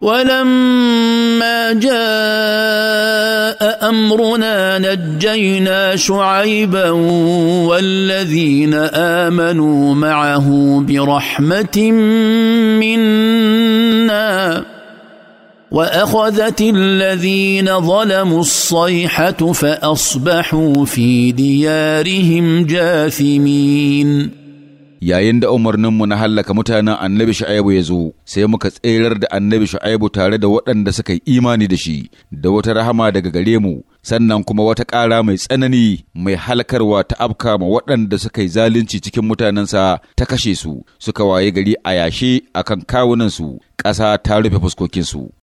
ولما جاء امرنا نجينا شعيبا والذين امنوا معه برحمه منا واخذت الذين ظلموا الصيحه فاصبحوا في ديارهم جاثمين yayin da umarninmu na hallaka mutanen annabi shu'aibu ya zo sai muka tserar da annabi shu'aibu tare da waɗanda suka yi imani da shi da wata rahama daga gare mu sannan kuma wata ƙara mai tsanani mai halkarwa ta afka ma waɗanda suka yi zalunci cikin mutanensa ta kashe su suka waye gari a yashe akan kawunansu ƙasa ta rufe fuskokinsu